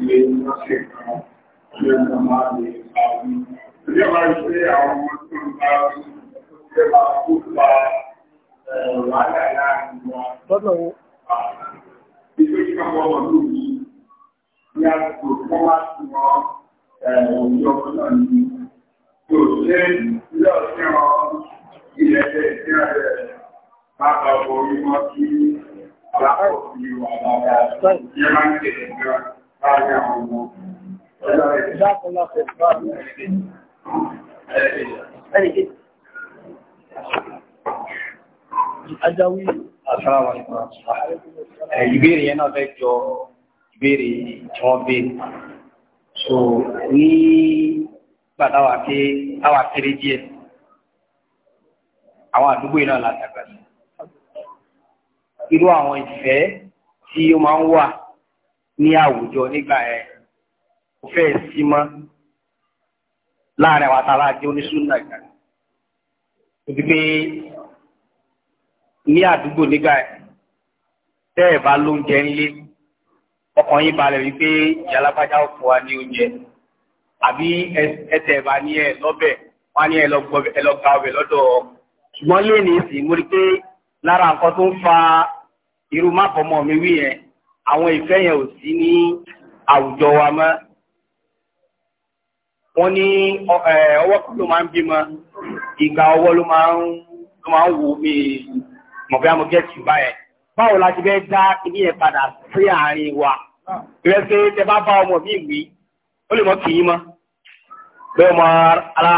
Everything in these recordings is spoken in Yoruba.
ilé ìrọ̀ṣẹ́ kan ilé ìrọ̀ máa lè pàwí. Ilé ọ̀rọ̀ iṣẹ́ àwọn ọmọ tó ń bá rí ṣe máa kó pa wàhálà láàrin wa. Lọ́dọ̀ wo? Ilé ọmọ ọmọ tó yí ní àgbò kọ́ máa ti mọ òjò náà ní. Kò Ajáwí àṣàràwà ìgbà. Ìbéèrè yẹn náà fẹ́ jọ ìbéèrè tí wọ́n So ní gbàdáwà pé àwà kéré díẹ̀, àwọn àdúgbò náà látàgbà irú àwọn ìfẹ́ tí ó máa ń wà ní àwùjọ nígbà ẹ̀ kò fẹ́ sí mọ́ láàrin àwọn aláàjẹ oníṣúná ìgbà níbi pé ní àdúgbò nígbà ẹ̀ tẹ́ ẹ̀ bá lóúnjẹ ńlé ọkàn yín balẹ̀ wípé ìyálágbájá ò fún wa ní oúnjẹ àbí ẹsẹ̀ ẹ̀bá ní ẹ̀ lọ́bẹ̀ wọ́n á ní ẹ̀ lọ ọbẹ̀ lọ́dọ̀ ṣùgbọ́n lónìí sì mo rí pé lára nǹkan tó ń fa irú máàpù ọmọ mi wí yẹn àwọn ìfẹ́ yẹn ò sí ní àwùjọ wa mọ́ wọ́n ní ọwọ́ kan ló máa ń bímọ ìgbà ọwọ́ ló máa ń ló máa ń wò mí mọ̀bí amọ̀gẹ́ tì báyẹn báwo la ti fẹ́ dá ibi yẹn padà sí àárín wa ìrẹsẹ̀ tẹ bá bá ọmọ mi wí ó lè mọ kì í mọ́ bẹ́ẹ̀ ọmọ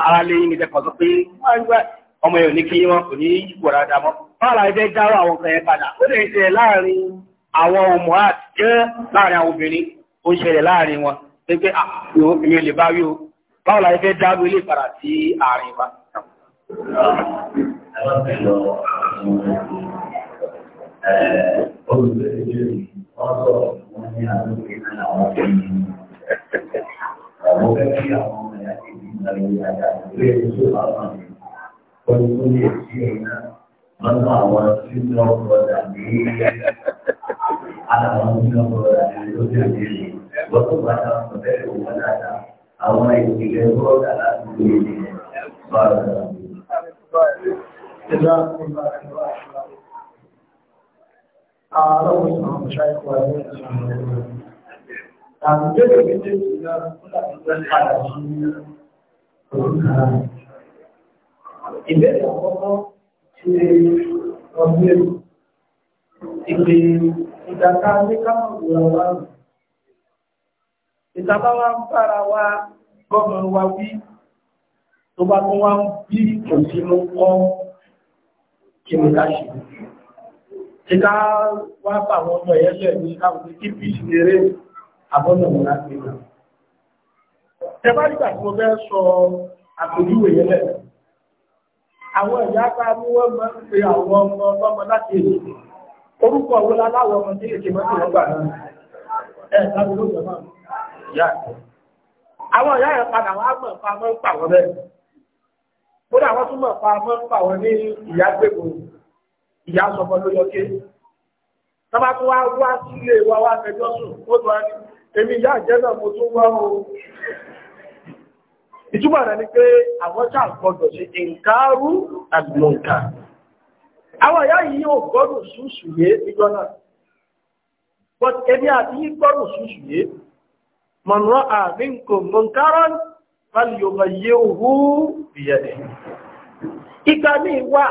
aráléyìn mi tẹ kọ́ sọ pé ọmọ yẹn ò ní kí í mọ́ kò ní yípo dáadáa mọ́ bára ẹgbẹ́ dáró àwọn ọkọ̀ ẹ̀ padà ó lè ṣẹlẹ̀ láàrin àwọn ọmọ àti jẹ́ láàrin àwọn obìnrin ó ṣẹlẹ̀ láàrin wọn pé àwọn ah, obìnrin lè bá rí o báwo la ẹgbẹ́ dáró ilé padà sí àárín wa. Àwọn ọmọ ìyá ti bí ìgbàlódé àti àwọn ilé ìṣòro àwọn ọmọ ìyá. Wọ́n ní kí ó lè ṣí ẹ̀yìn náà lọ́dọ̀ àwọn senior brother ní àwọn senior brother ní lójú ìdílé lọ́dọ̀ bá dá ọ̀sán dáadáa àwọn ìpìlẹ̀ brother láti ní bára rẹ̀. Ìbéèrè àkọ́kọ́ ṣe ọ̀gbìn ìpè ìdàkà ní kámọ̀gbòrò wa rù. Ìtàbá wa ń bára wa gọ́mọ̀ wa wí tó bá tó wá ń bí òsínú kọ́ kí mo ká ṣe. Ìká wá pàwọn ọmọ ẹ̀yẹ́lẹ̀ ní káwọn kí bí ìṣeré àbọ́nà mọ́ láti gbà. Ẹ nígbà tí mo fẹ́ sọ àpèjúwe yẹlẹ̀ àwọn ìyá bá mú wọ́n máa ń pe àwọn ọmọ ọlọ́mọ láti èdè orúkọ owó láláwọ̀ ọmọ tí èdè mọ́ sí wọ́n gbà náà ẹ̀ lábí ló jọ náà ìyá àwọn ìyá yẹn padà wọ́n á mọ̀ pa mọ́ ń pa wọ́n bẹ́ẹ̀ kódà wọ́n tún mọ̀ pa mọ́ ń pa ìtumọ̀ rẹ̀ ni pé àwọn ṣáà gbọdọ̀ ṣe ìǹkárú àgbọǹkà àwọn ìyá yìí yóò gbọdọ̀ ṣùṣù yé níjọ́ náà but ẹni àti yí gbọdọ̀ ṣùṣù yé mọ̀nrọ̀ àmínkò mọ̀nkárọ̀ fàlìyọ̀mọ̀ yé òhú ìyẹ̀dẹ̀ ìgbà míì wà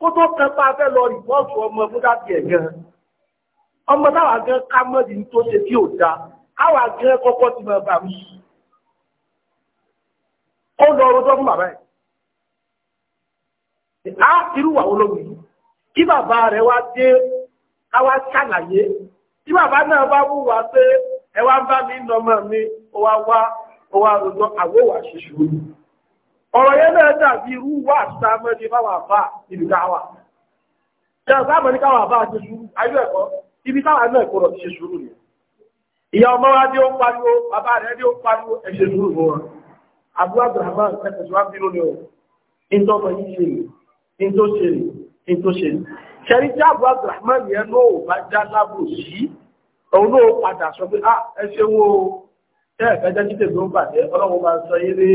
kó tó kan pa fẹ́ lọ rìpọ́ọ̀tù ọmọ fún dábì ẹ̀ gan ọmọ táwa gan ká mọ́ di tó ṣe tí ò da káwa gan kọ́kọ́ ti mọ̀ bàmí ó lọ rojọ́ fún bàbá ẹ̀ irú wà olóògùn yìí kí bàbá rẹ̀ wá dé káwá ṣàlàyé tí bàbá náà bá wù wá pé ẹ wá bá mi nọmọ mi ó wá wá ó wá wà ṣíṣú yẹn wà ní bá ibi ní bá ṣe sùúrù ayé ẹ̀kọ́ ibi káwà náà kò rọ̀ ṣe sùúrù ìyá ọmọ wa dé ó pariwo bàbá dé ó pariwo ṣe sùúrù fún abu abdulrahman ẹ̀sẹ̀ tó wá bí lónìí o in tó mọ yìí ṣe in tó ṣe in tó ṣe ṣẹ̀rí tí abu abdulrahman yẹn ló bá já lábò ah ẹ ṣe wo ẹ fẹ́ jẹ́ títẹ̀ tó ń bàjẹ́ ọlọ́run ni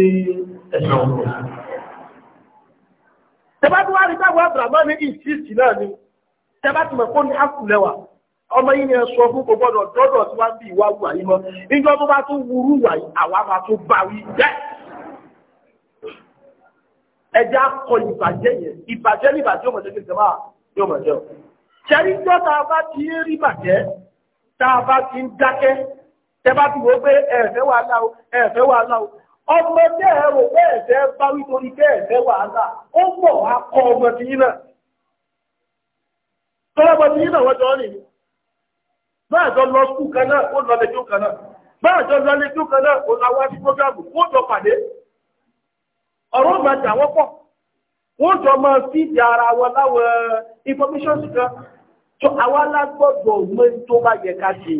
tẹ́bá tó mọ̀ kó ní àkùlẹ̀wà ọmọ yìí ni ẹ sọ fún gbogbo ọ̀dọ̀ tí wá ń bí ìwà wù àyímọ́ níjọ́ tó bá tún wúrú wà àwa máa tún bá wí jẹ́ ẹjẹ́ akọ ìbàjẹ́ yẹn ìbàjẹ́ ní ìbàjẹ́ ọmọdé ní ìjọba yóò mọ̀ jẹ́ o. ṣẹ́ni tó tá a bá ti ń rí bàjẹ́ tá a bá ti ń dákẹ́ tẹ́ bá ti wò ó pé ẹ̀ẹ̀fẹ́ wàhálà o ẹ̀ẹ̀fẹ́ wàhálà o ọmọ tẹ́ ẹ rò pé ẹ̀fẹ́ bá wí torí pé ẹ̀fẹ́ wàhálà ó pọ̀ akọ ọmọ ti yín náà. tọ́lọ́mọ ti yín náà wọ́n jọ rìn báà jọ lọ skul kan náà ó lọ lẹ́jọ́ kan náà báà jọ lọ lẹ́jọ́ kan náà ó ọ̀rọ̀ máa jà wọ́n pọ̀ wọ́n jọ máa fíìdì ara wọn láwọn information kan tó àwa lágbọ́dọ̀ mọ tó bá yẹ ká ṣe.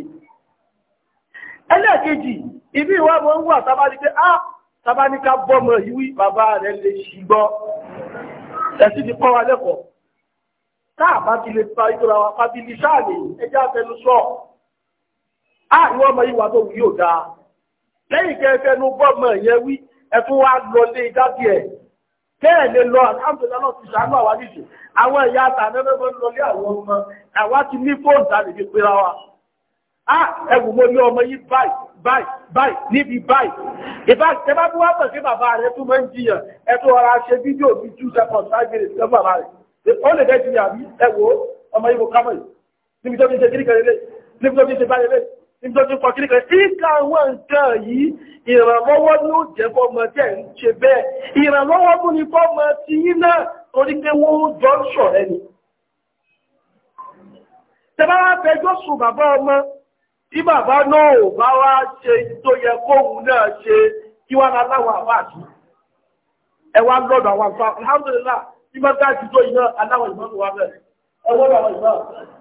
ẹlẹ́ẹ̀kejì ibi ìwà wọn wà sábà ní pé ah, á sábà ní ká bọ́mọ ìwí bàbá rẹ̀ lè ṣì gbọ́ ẹ̀sì ti kọ́ wa lẹ́kọ̀ọ́ táà bá ti lè fa ìtura wa fábílì sáà ní ẹjẹ́ àfẹnusọ á ah, ìwọ́n ọmọ yìí wà tó yóò dáa lẹ́yìn kẹfẹ́ nu bọ́mọ yẹn wí ẹ̀tún wa lọ lé ìdájí ẹ̀ kẹ́ẹ̀ lè lọ àdámbìlá náà ti ṣàánú àwa nìṣẹ́ àwọn ẹ̀yà àtàmẹ́mẹ́mọ́ lọ lé àwọn ọmọ àwa ti ní fóònù tàbí fi pera wa á ẹ̀wù mo ní ọmọ yìí báyìí báyìí báyìí níbi báyìí ìbá ìjọba bí wọ́n pèsè bàbá rẹ̀ tó máa ń jiyàn ẹ tó ọ̀rọ̀ ṣe fídíò bí two seconds five minutes lọ́fọ̀ bàbá rẹ̀ ó lè dẹ́ jiyàn àbí ẹ̀wò ọmọ yìí mo kámọ̀ nítorí pọ̀ kìrìkà ìkà àwọn nǹkan yìí ìrànlọ́wọ́ ní ó jẹ́ fọ́mọ tẹ́ ń ṣe bẹ́ẹ̀ ìrànlọ́wọ́ mú ní fọ́mọ ti yí náà torí pé wọ́n jọ ń ṣọ̀rẹ́ ni tẹ́bá wá fẹjọ́ sùn bàbá ọmọ tí bàbá náà ò bá wá ṣe tó yẹ kóhun náà ṣe kí lọ́dọ̀ àwọn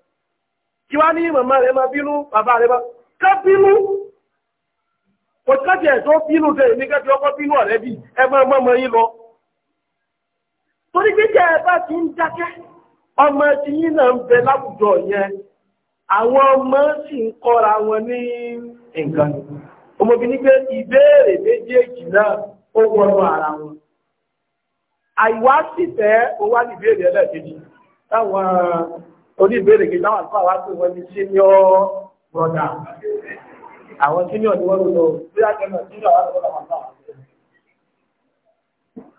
kí wá ní màmá rẹ̀ máa bínú bàbá rẹ̀ máa ká bínú kò kájẹ̀ tó bínú tẹ̀ ní kẹ́tì ọkọ̀ bínú ọ̀rẹ́ bí ẹ máa mọ́ ọmọ yín lọ. torí gbígbẹ́ ẹ bá ti ń dákẹ́ ọmọ tí yín náà ń bẹ láwùjọ yẹn àwọn ọmọ sì ń kọ́ra wọn ní nǹkan ọmọbìnrin pé ìbéèrè méjèèjì náà ó wọnú ara wọn àìwá sì fẹ́ ó wá ẹlẹ́ẹ̀kejì táwọn oníbèrè kí láwọn àlùfáà wá pé wọ́n ní senior brother àwọn senior ni wọ́n ń lò bí àjọyọ̀ senior wà lọ́wọ́ àwọn àlùfáà.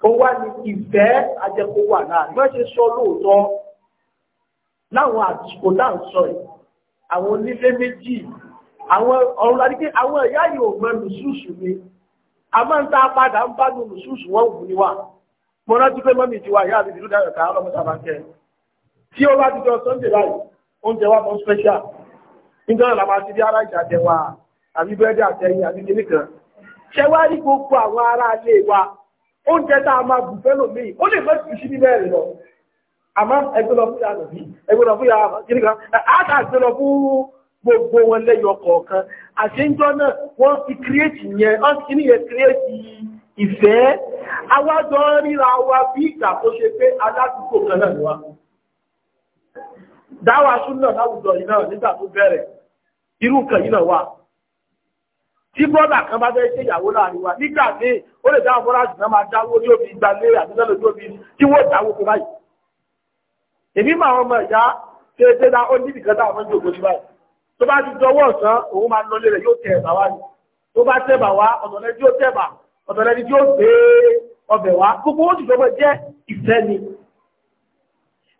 ó wá ní ìfẹ́ ajẹ́kó wà náà bí wọ́n ṣe sọ lóòótọ́ láwọn àsìkò náà sọ yìí àwọn onílé méjì àwọn ọ̀run láti pé àwọn ẹ̀yà yìí mọ lùsùsù ni a máa ń tá a padà ń bá lùsùsù wọn wù ní wa mo rántí pé mọ́mí ti wà yá àbí ìlú dáhùn ká ọlọ́mọ sábà ń kẹ́ ẹ̀ tí ó bá ti jọ sunday báyìí oúnjẹ wa mọ special nítorí làwọn àti bí ara ìjàjẹ wa àbí búrẹ́dì àtẹ̀yìn àbí kìíní kan ṣe wá rí gbogbo àwọn ará ilé wa oúnjẹ tá a máa bù fẹ́lò míì ó lè fẹ́ tù sí ní mẹ́rin lọ àmọ́ ẹgbẹ́ lọ fúyà lọ bí ẹgbẹ́ lọ fúyà kìíní kan àtà àgbẹ̀ lọ fún gbogbo wọn lẹ́yọ kọ̀ọ̀kan àṣeńjọ́ náà wọ́n fi kírẹ́ẹ̀tì yẹn wọ́n ti ní yẹn kírẹ́ẹ̀tì ìfẹ́ awájọ́ ríra wa bí ìgbà tó ṣe pé aládùúgbò kan náà ni wa dáwà súnà láwùjọ yìí náà nígbà tó bẹ̀rẹ̀ irú kan yìí náà wà tí bọ́dà kan bá fẹ́ ṣe ìyàwó láàrin wa nígbà tí ó lè dáwọn fọ́láṣì náà máa dáwó tí ó fi gba lé àtúntò lójú omi tí wọ́n dáwó fún báyìí èmi máa ọmọ ìyá ṣe é dédá ó níbi kan táwọn ọmọ ìjòkó báyìí tó bá ti dọwọ́ ọ̀sán òun máa lọlé rẹ̀ yóò tẹ ẹ̀bà wá ni tó bá tẹ̀bà wá ọ̀tọ̀lẹ́ni tí ó tẹ̀bà ọ̀tọ̀lẹ́ni tí ó gbé ọbẹ̀ wá gbogbo ó sì fẹ́ jẹ́ ìfẹ́ ni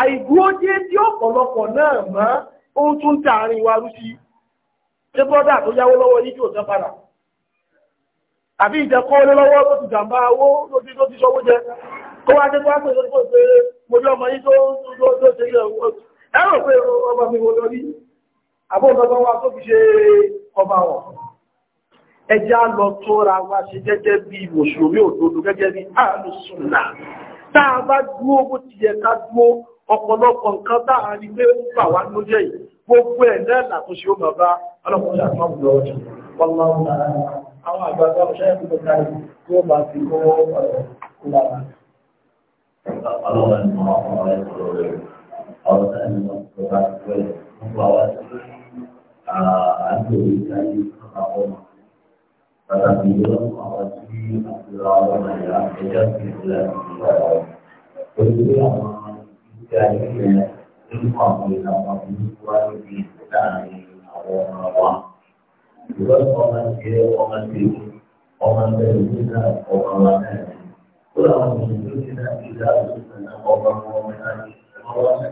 àìdúró déédéé ọ̀pọ̀lọpọ̀ náà mọ́ ó tún ń tààrin wa rú sí ṣé bọ́dà tó yáwó lọ́wọ́ yìí tí ò tán padà àbí ìjẹkọ́ olé lọ́wọ́ ló ti jàmbá owó lójú tó ti ṣọwọ́ jẹ kó wá jẹ́ pàápẹ́ tó tó pé mo jọ ọmọ yí tó tó ṣe ilẹ̀ ẹ̀rọ pé ọmọ mi wo lórí àbó ọmọ wa tó fi ṣe ọba wọn ẹjá lọ tó ra wa ṣe gẹ́gẹ́ bí mùsùlùmí òdodo gẹ́gẹ́ bí àlùsùnà tá a bá dúó bó ọ̀pọ̀lọpọ̀ nǹkan tá a rí pé ó gbà wá ló jẹ́ yìí gbogbo ẹ̀ lẹ́ẹ̀là tó ṣe ó máa bá ọlọ́pàá àti máa bùrọ̀ ọjà wọ́n máa ń àwọn àgbàgbà ọ̀ṣẹ́ ìpínlẹ̀ káyì tí ó máa ìgbàlódé nípa àwọn ìlànà yìí wá níbi láàrin àwọn ọmọ wa. ìwé ọmọ ti rẹ ọmọ ti rẹ ọmọ bẹ̀rẹ̀ ní náà ọmọ wa náà ni. ó làwọn mùsùlùmí ti náà ti dá àlùfáà náà ọmọ ọmọ náà ọmọ wa náà.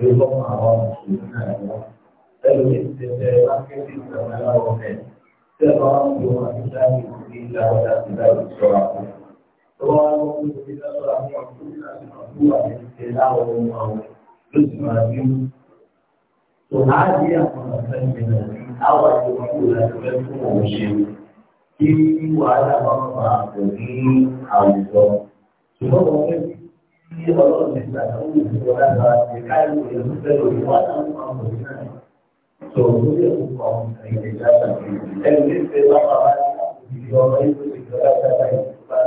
ìwé ọmọ àwọn mùsùlùmí náà ni wọn. ẹlò ní ti tẹ mákẹ́tì ìgbàlódé ọmọ ẹ̀ tẹ́lẹ̀ bá wọn fi wọn àti sáà ní ìlú ìlà ọ̀dà ti dá ìṣọ́ra fún un. Tòháàdì àwọn ọ̀fẹ́ ìgbìmọ̀ àwọn ìgbìmọ̀ ìlànà fún òun ṣe kí wàhálà máa ń fa àpò ní àwùjọ. Ṣùgbọ́n wọ́n fẹ́ kí ọlọ́run ìlànà òun ìgbìmọ̀ lágbára ti káyọ̀ ìlú fẹ́rẹ̀ òun wà láwọn àwọn òun náà. Tòun ló yẹ kó kọ́ ọ̀hún ìgbìmọ̀ ìlànà ìlú. Ẹni tí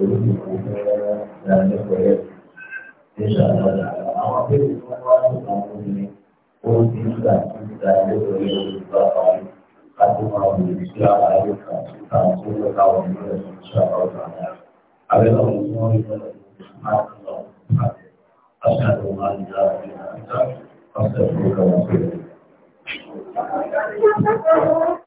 olùdókòwò fẹ́ ra lẹ́kọ̀ọ́ yẹn ní ṣàlàyé àwọn akéwì tó wá ní àwọn obìnrin ó ti ń gbà tó ń gba lẹ́kọ̀ọ́ yẹn olùdókòwò àpárí láti máa wò ní sí àlàyé kan kan tó lọ káwọn ìlú ẹ̀ ní ṣàlàyé àlàyé abẹ́lẹ́ ọ̀hún tí wọ́n ń gbọ́ lọ́wọ́ أشهد أن لا إله إلا أنت أستغفرك وأتوب إليك